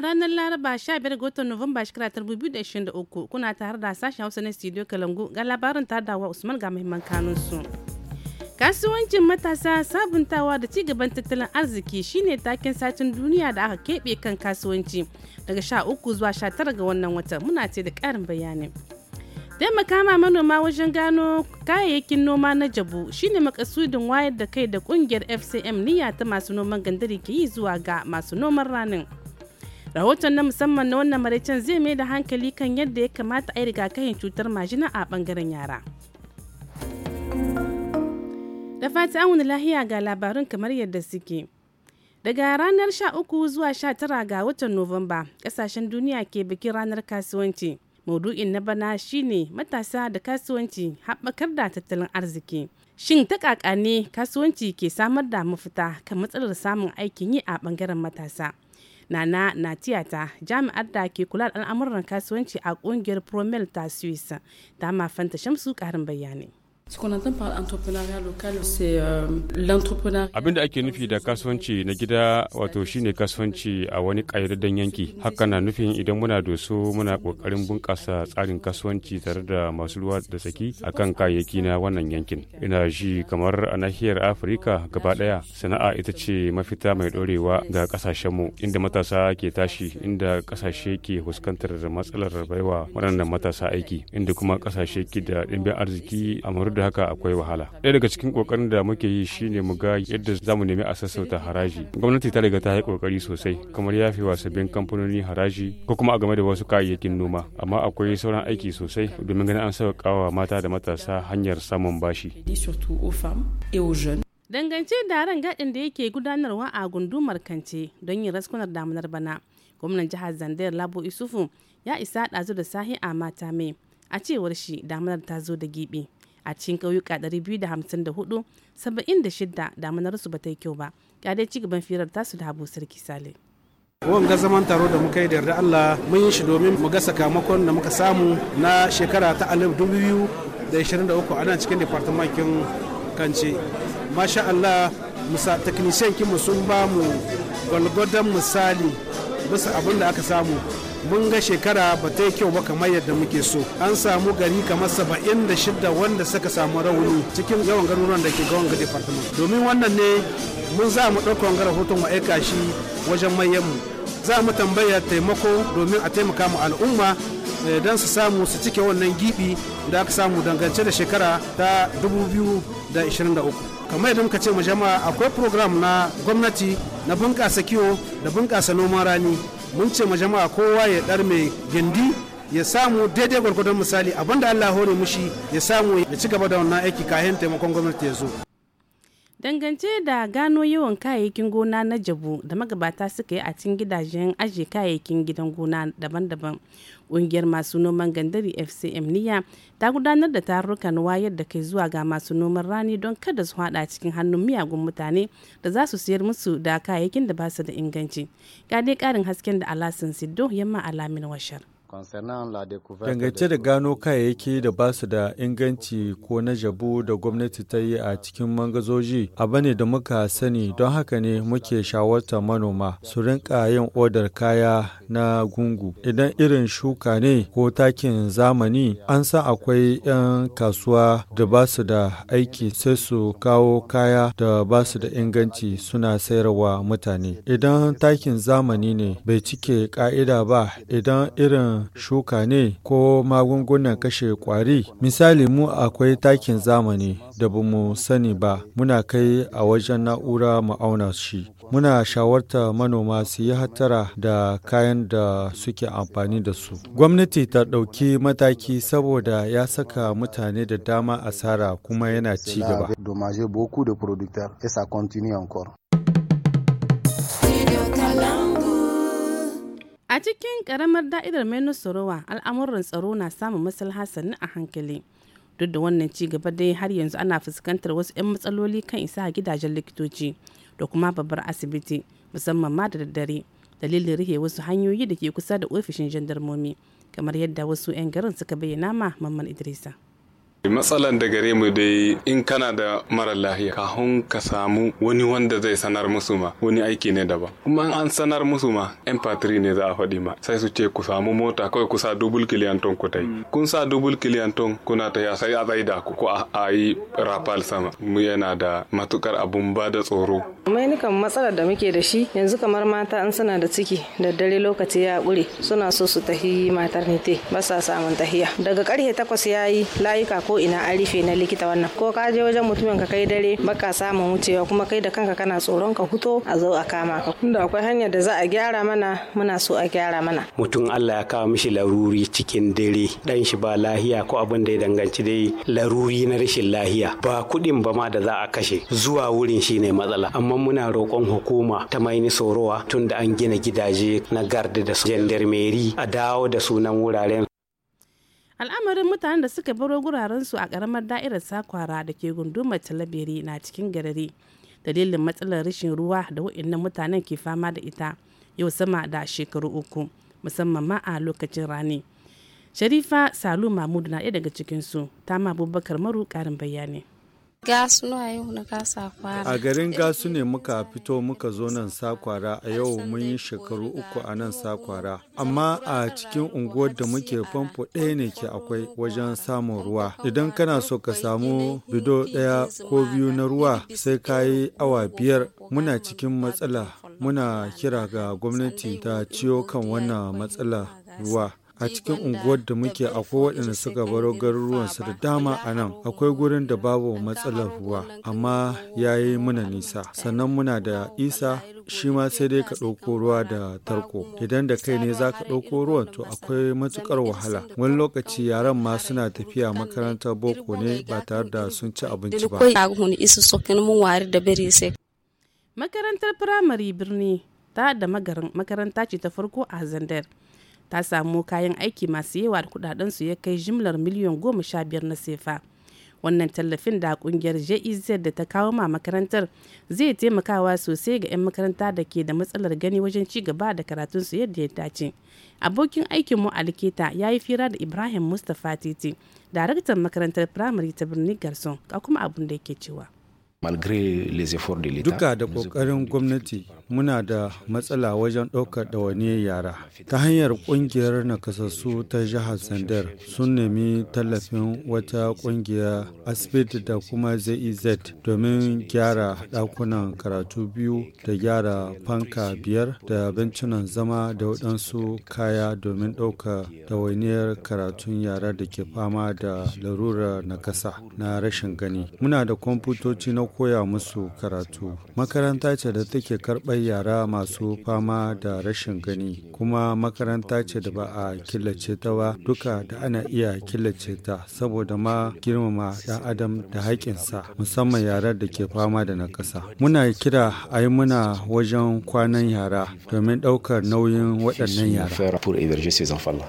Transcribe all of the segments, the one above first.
ranar Laraba 15 ga watan Nuwamba shekara 2023 kuna tare da sashen Hausa na Studio Kalangu ga labarin tadawa Usman ga muhimman kanunsu. Kasuwancin matasa sabuntawa da ci gaban tattalin arziki shine taken satin duniya da aka keɓe kan kasuwanci daga 13 zuwa 19 ga wannan wata muna ce da ƙarin bayani. taimaka ma manoma wajen gano kayayyakin noma na jabu shine makasudin wayar da kai da kungiyar fcm niyya ta masu noman gandari ke yi zuwa ga masu noman ranin rahoton na musamman na wannan maraicen zai mai da hankali kan yadda ya kamata a yi rigakafin cutar majina a bangaren yara da fata an lahiya ga labarun kamar yadda suke daga ranar 13 zuwa 19 ga watan nuwamba kasashen duniya ke bikin ranar kasuwanci maudu'in na bana shine matasa da kasuwanci haɓakar da tattalin arziki shin ta ƙaƙa ne kasuwanci ke samar da mafita kan matsalar samun aikin yi a ɓangaren matasa Nana na tiyata jami'ar da ke kula da al'amuran kasuwanci a kungiyar Promel ta Swiss ta mafanta Shamsu karin bayani. Euh, Abin da ake nufi da kasuwanci na gida wato shine kasuwanci a wani ƙayyadadden yanki. Haka na nufin idan muna doso muna ƙoƙarin bunƙasa tsarin kasuwanci tare da masu ruwa da saki a kan kayayyaki na wannan yankin. Ina ji kamar a nahiyar Afirka gaba ɗaya sana'a ita ce mafita mai ɗorewa ga ƙasashenmu inda matasa ke tashi inda ƙasashe ke fuskantar matsalar baiwa waɗannan matasa aiki inda kuma ƙasashe ke da ɗimbin arziki a da haka akwai wahala ɗaya daga cikin kokarin da muke yi shine mu ga yadda za mu nemi a sassauta haraji gwamnati ta riga ta yi kokari sosai kamar ya wa sabbin kamfanoni haraji ko kuma a game da wasu kayayyakin noma amma akwai sauran aiki sosai domin ganin an sauƙawa mata da matasa hanyar samun bashi dangance da ran gadin da yake gudanarwa a gundumar kance don yin raskunar damunar bana gwamnan jihar zandayar labo isufu ya isa ɗazu da sahi a mata mai a cewar shi damunar ta zo da giɓi a cikin ƙauyuka 254 76 da ba ta yi kyau ba ci cigaban firar tasu da habu sarki sale ga zaman taro da muka yi da yarda Allah mun yi shi domin mu ga sakamakon da muka samu na shekara ta 2023 a nan cikin departamentin kance masha Allah musa technician kinmu sun ba mu gwalgwadon misali bisa abin da aka samu mun ga shekara ba ta yi kyau ba kamar yadda muke so an samu gari kamar saba'in da shida wanda suka samu rauni cikin yawan garuruwan da ke ga department domin wannan ne mun za mu ɗaukar wanga rahoton mu aika shi wajen mayanmu za mu tambaya taimako domin a taimaka mu al'umma eh, don su samu su cike wannan gibi da aka samu dangance da shekara ta 2023 kamar yadda muka ce ma jama'a akwai program na gwamnati na bunƙasa kiwo da bunƙasa noman rani mun ce ma jama'a kowa ya dar mai gindi ya samu daidai gwargwadon misali abinda Allah hore mushi ya samu ya ci gaba da wannan aiki kayan taimakon gwamnati ya zo dangance da gano yawan kayayyakin gona na jabu da magabata suka yi a cikin gidajen ajiye kayayyakin gidan gona daban-daban ƙungiyar masu noman gandari fcm niya ta gudanar da tarukan wayar da kai zuwa ga masu noman rani don kada su hada cikin hannun miyagun mutane da za su siyar musu da kayayyakin da ba su da inganci ga dai ƙarin hasken da alasan Sido yamma alamin washar Dangance da gano kayayyaki da ba su da inganci ko na jabu da gwamnati ta yi a cikin mangazoji abu ne da muka sani don haka ne muke shawarta manoma su rinka yin odar kaya na gungu. Idan irin shuka ne ko takin zamani an san akwai 'yan kasuwa da ba su da aiki sai su kawo kaya da ba su da inganci suna sayarwa mutane. Idan takin zamani ne bai cike ka'ida ba idan irin shuka ne ko magungunan kashe kwari misali mu akwai takin zamani da ba mu sani ba muna kai a wajen na'ura mu auna shi muna shawarta manoma su yi hattara da kayan da suke amfani da su gwamnati ta ɗauki mataki saboda ya saka mutane da dama asara kuma yana ci gaba beaucoup A cikin karamar da'irar Menosorowa al'amuran tsaro na samun matsala hasani a hankali. Duk da wannan ci gaba dai har yanzu ana fuskantar wasu 'yan matsaloli kan isa a gidajen likitoci da kuma babbar asibiti musamman ma da daddare dalilin rihe wasu hanyoyi da ke kusa da ofishin jandarmomi kamar yadda wasu 'yan garin suka bayyana ma Mamman Idrisa. matsalan da gare mu dai in kana da mara lahiya kahun ka samu wani wanda zai sanar musu ma wani aiki ne daban kuma an sanar musu ma yan patri ne za a faɗi ma sai su ce ku samu mota kawai ku sa dubul kiliyanton ku tai kun sa dubul kiliyanton kuna ta ya sai a tsaida ku ko a yi rafal sama mu yana da matukar abun ba da tsoro kan matsalar da muke da shi yanzu kamar mata an suna da ciki da dare lokaci ya ƙure suna so su tahi matar ba sa samun tahiya. Daga karhe takwas ya yi layuka ko ina an rufe na likita wannan ko ka je wajen mutumin ka kai dare baka samun wucewa kuma kai da kanka kana tsoron ka huto a zo a kama ka. Tunda akwai hanyar da za a gyara mana muna so a gyara mana. Mutum Allah ya kawo mishi laruri cikin dare dan shi ba lahiya ko abin da ya danganci dai laruri na rashin lahiya ba kuɗin ba ma da za a kashe zuwa wurin shine matsala amma kuma muna roƙon hukuma ta maini sorowa tun da an gina gidaje na garda da jandarmeri a dawo da sunan wuraren al'amarin mutanen da suka baro gurarensu a karamar da'irar sakwara da ke gundumar talabiri na cikin garari dalilin matsalar rashin ruwa da wa'annan mutanen ke fama da ita yau sama da shekaru uku musamman ma a lokacin rani sharifa salu mahmud na ɗaya daga cikinsu tama abubakar maru karin bayani A garin gasu ne muka fito muka zo nan sakwara a yau mun yi shekaru uku a nan sakwara. Amma a cikin unguwar da muke famfo ɗaya ne ke akwai wajen samun ruwa. Idan kana so ka samu bido ɗaya ko biyu na ruwa sai ka yi awa biyar muna cikin matsala muna kira ga gwamnati ta ciyo kan wannan matsala ruwa. a cikin unguwar da muke akwai waɗanda suka baro garuruwansu da dama a nan akwai gurin da babu matsalar ruwa amma ya yi muna nisa sannan muna da isa shi ma sai dai ka ɗauko ruwa da tarko idan da kai ne za ka ɗauko ruwan to akwai matukar wahala wani lokaci yaran ma suna tafiya makarantar boko ne ba tare da sun ci abinci ba makarantar firamare birni ta da magarin makaranta ce ta farko a zandar ta samu kayan aiki masu yawa da kudaden su ya kai jimlar miliyan goma sha biyar na sefa wannan tallafin da kungiyar jez da ta kawo ma makarantar zai taimakawa sosai ga 'yan makaranta da ke da matsalar gani wajen ci gaba da karatun su yadda ya dace abokin aikin mu aliketa ya yi fira da ibrahim mustapha titi daraktan makarantar firamare ta birnin garson ga kuma abun da yake cewa Duka da kokarin gwamnati muna da matsala wajen ɗaukar ɗawane yara. Ta hanyar ƙungiyar nakasassu ta jihar Sandar sun nemi tallafin wata ƙungiya asibiti da kuma ZEZ e domin gyara ɗakunan karatu biyu da gyara fanka biyar da bincinan zama da waɗansu kaya domin ɗauka ɗawainiyar karatun yara da ke fama da larurar nakasa na rashin gani. Muna da kwamfutoci na koya musu karatu. Makaranta ce da take karɓar kai yara masu fama da rashin gani kuma makaranta ce da ba a killace ta ba duka da ana iya killace ta saboda ma girmama ɗan adam da haƙinsa musamman yara da ke fama da nakasa muna kira a yi muna wajen kwanan yara domin ɗaukar nauyin waɗannan yara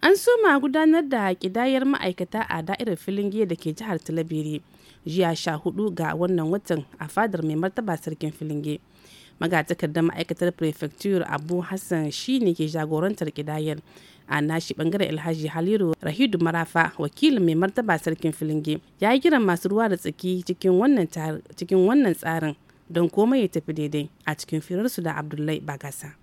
an soma gudanar da kidayar ma'aikata a da'irar filin da ke jihar talabiri jiya sha hudu ga wannan watan a fadar mai martaba sarkin filinge magatakardar ma'aikatar prefecture abu hassan shi ne ke jagorantar kidayar a nashi bangaren alhaji haliru rahidu marafa wakilin mai martaba sarkin filinge ya yi kiran masu ruwa da tsaki cikin wannan tsarin don komai ya tafi daidai a cikin firarsu da abdullahi bagasa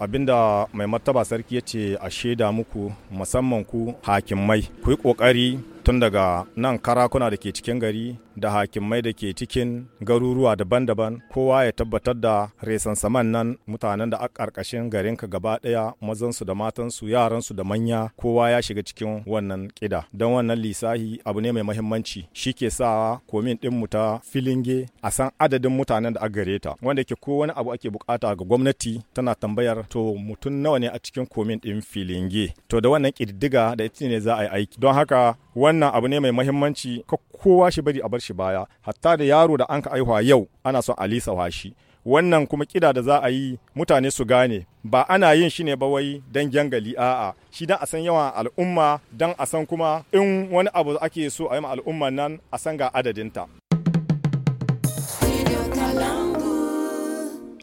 abinda mai martaba sarki ya ce a shaida muku musamman ku hakimai ku yi kokari tun daga nan karakuna da ke cikin gari da hakimai da ke cikin garuruwa daban-daban kowa ya tabbatar da resan saman nan mutanen da a ƙarƙashin ka gaba ɗaya mazansu da matansu yaransu da manya kowa ya shiga cikin wannan ƙida don wannan lisahi abu ne mai mahimmanci shi ke sa komin ɗin mu ta filinge a san adadin mutanen da a gare ta wanda ke ko wani abu ake bukata ga gwamnati tana tambayar to mutum nawa ne a cikin komin ɗin filinge to da wannan ƙididdiga da ita ne za a yi aiki don haka wani wannan abu ne mai mahimmanci ka kowa shi bari a bar shi baya hatta da yaro da an ka aihuwa yau ana son a lisa shi wannan kuma kida da za a yi mutane su gane ba ana yin shi ne ba wai don gyangali a'a shi dan a san yawan al'umma dan a san kuma in wani abu ake so a yi ma nan a san ga adadinta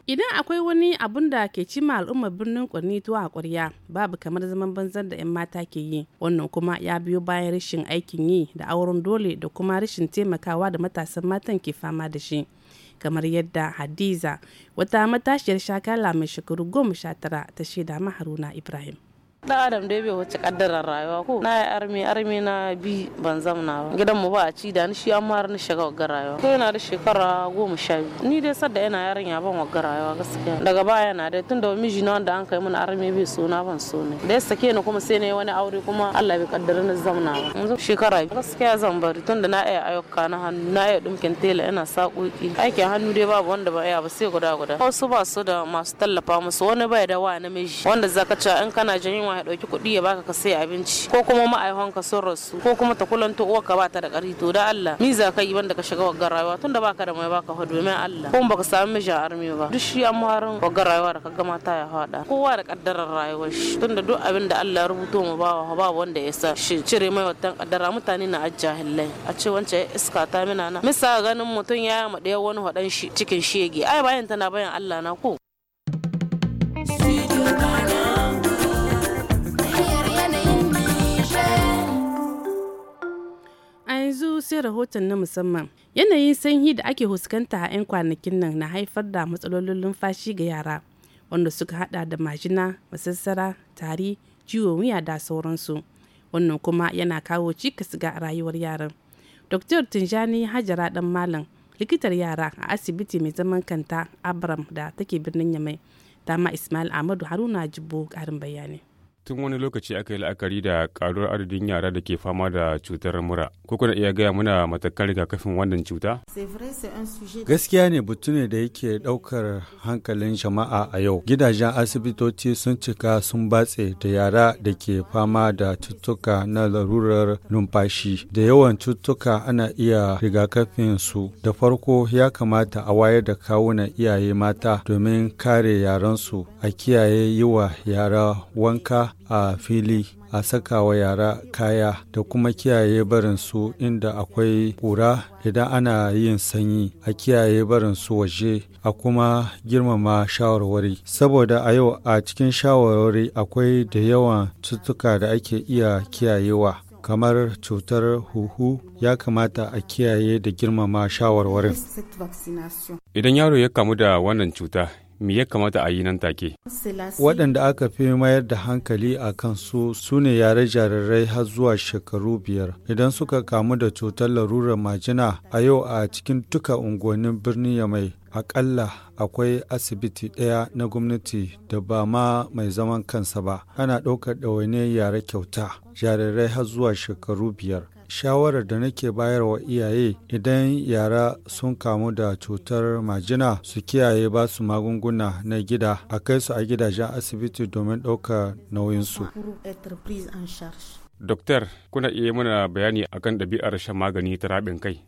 idan akwai wani abun da ke cima al'ummar birnin kwarni tuwa a kwarya babu kamar zaman banzar da 'yan mata ke yi wannan kuma ya biyo bayan rashin aikin yi da auren dole da kuma rashin taimakawa da matasan matan ke fama da shi kamar yadda hadiza wata matashiyar shakala mai shekaru goma sha tara ta shaida ma haruna ibrahim da adam dai bai wuce kaddarar rayuwa ko na yi armi armi na bi ban zamna ba gidan mu ba a ci da ni shi an mara ni shiga wagar rayuwa ko yana da shekara goma sha biyu ni dai sadda yana yarinya ban wagar rayuwa gaskiya daga baya na dai tunda miji na wanda an kai mun armi bai so na ban so ne da ya sake ni kuma sai ne wani aure kuma Allah bai kaddara ni zamna ba yanzu shekara biyu gaskiya zan bari tunda na iya ayyuka na hannu na iya dumkin tela ina sakoki aikin hannu dai babu wanda ba iya ba sai guda guda wasu ba su da masu tallafa musu wani bai da wa miji wanda zaka ce in kana jin yunwa ya dauki kuɗi ya baka ka sai abinci ko kuma ma'aihon ka sun rasu ko kuma ta ta uwar ka ta da ƙarfi to da Allah ni za ka yi banda ka shiga wagar rayuwa tunda baka da mai baka hudu mai Allah ko baka samu mijin armi ba duk shi an harin wagar rayuwa da ka gama ta ya hada kowa da kaddarar rayuwar shi tunda duk abin da Allah ya rubuto mu bawa ba wanda ya sa shi cire mai watan kaddara mutane na ajahillai a ce wance iska ta mina na misa ganin mutum ya yi ma ɗaya wani haɗan shi cikin shege ai bayan tana bayan Allah na ko sai rahoton na musamman. Yanayin sanyi da ake huskanta a 'yan kwanakin nan na haifar da matsalolin numfashi ga yara wanda suka hada da majina, masassara, tari, ciwon wuya da sauransu. Wannan kuma yana kawo cikas ga rayuwar yaran. Dr. Tunjani Hajara dan Malam, likitar yara a asibiti mai zaman kanta Abram da take birnin Yamai. dama Ismail Ahmadu Haruna Jibbo karin bayani. tun wani lokaci aka yi la'akari da karuwar adadin yara da ke fama da cutar mura ko kuna iya gaya muna matakan rigakafin wannan cuta gaskiya ne butu ne da yake daukar hankalin jama'a a yau gidajen asibitoci sun cika sun batse da yara da ke fama da cututtuka na larurar numfashi da yawan cututtuka ana iya rigakafin su da farko ya kamata a wayar da kawunan iyaye mata domin kare yaransu a kiyaye yiwa yara wanka a fili a saka wa yara kaya da kuma kiyaye barin su inda akwai ƙura idan ana yin sanyi a kiyaye barin su waje a kuma girmama shawarwari saboda a yau a cikin shawarwari akwai da yawan cutuka da ake iya kiyayewa kamar cutar huhu ya kamata a kiyaye da girmama shawarwarin idan yaro ya kamu da wannan cuta me ya kamata a yi nan take. Waɗanda aka fi mayar da hankali a kansu su ne yare jarirai har zuwa shekaru biyar. Idan suka kamu da cutar larurar majina a yau a cikin duka unguwannin birnin Yamai akalla akwai asibiti ɗaya na gwamnati da ba ma mai zaman kansa ba ana ɗaukar ɗawainiyar yare kyauta jarirai har zuwa shekaru biyar shawarar da nake bayarwa iyaye idan yara sun kamu da cutar majina su kiyaye ba su magunguna na gida a kai su a gidajen asibiti domin ɗaukar nauyinsu. Doktor, kuna iya mana bayani akan ɗabi'ar shan magani ta rabin kai.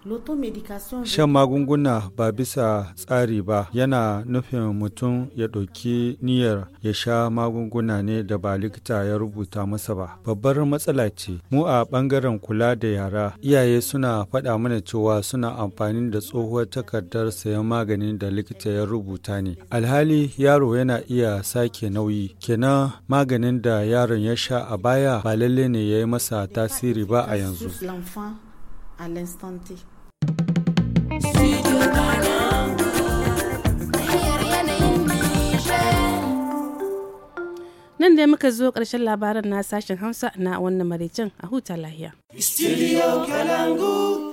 Shan magunguna ba bisa tsari ba yana nufin mutum ya ɗauki niyyar ya sha magunguna ne da ba likita ya rubuta masa ba. Babbar matsala ce, mu a ɓangaren kula da yara, iyaye suna faɗa mana cewa suna amfani da tsohuwar takardar sayan maganin da likita ya rubuta ne. Alhali yaro yana iya sake nauyi, kenan maganin da yaron ya sha a baya ba lallai ne ya yi masa tasiri ba a yanzu. nan dai muka zo ƙarshen labaran na sashen hausa na wannan maraicin a huta lahiya. Studio Kalangu.